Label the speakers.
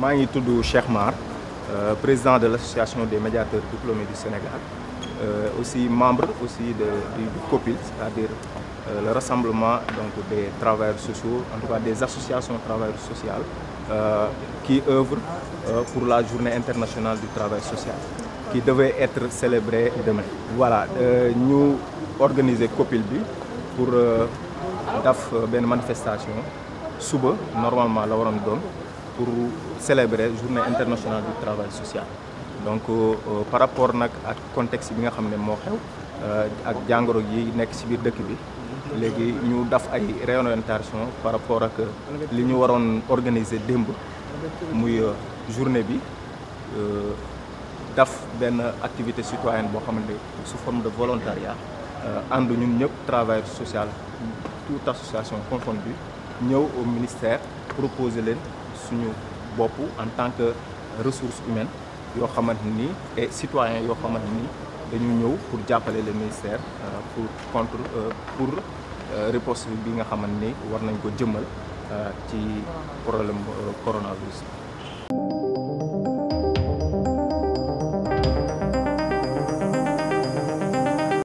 Speaker 1: maa ngi tudd Cheikh Mar euh, président de l' association des médiateurs diplômés du Sénégal euh, aussi membre aussi de du COPIL c'est-à-dire euh, le rassemblement donc des travailleurs sociaux en tout cas des associations travailleurs sociales qui œuvrent pour la journée internationale du travail social qui devait être célébrée demain. voilà ñu organiser COPIL bi pour daf benn manifestation suba normalement la waroon doon. pour célébrer journée internationale du travail social donc euh, euh, par rapport nag ak contexte bi nga xam ne moo xew euh, ak jàngoro yi nekk ci biir dëkk bi léegi ñu daf ay réorientation par rapport ak li ñu waroon organiser démb muy journée bi daf benn activité citoyenne boo xamante su forme de volontaria ànd ñun ñëpp travail social toute association confondue ñëw au ministère proposer leen suñu bopp en tant que ressource humaine yoo xamante ni et citoyen yoo xamante ni dañu ñëw pour jàppale le ministère euh, pour contre euh, pour euh, riposte bi nga xamante ni war nañ ko jëmmal ci problème coronavirus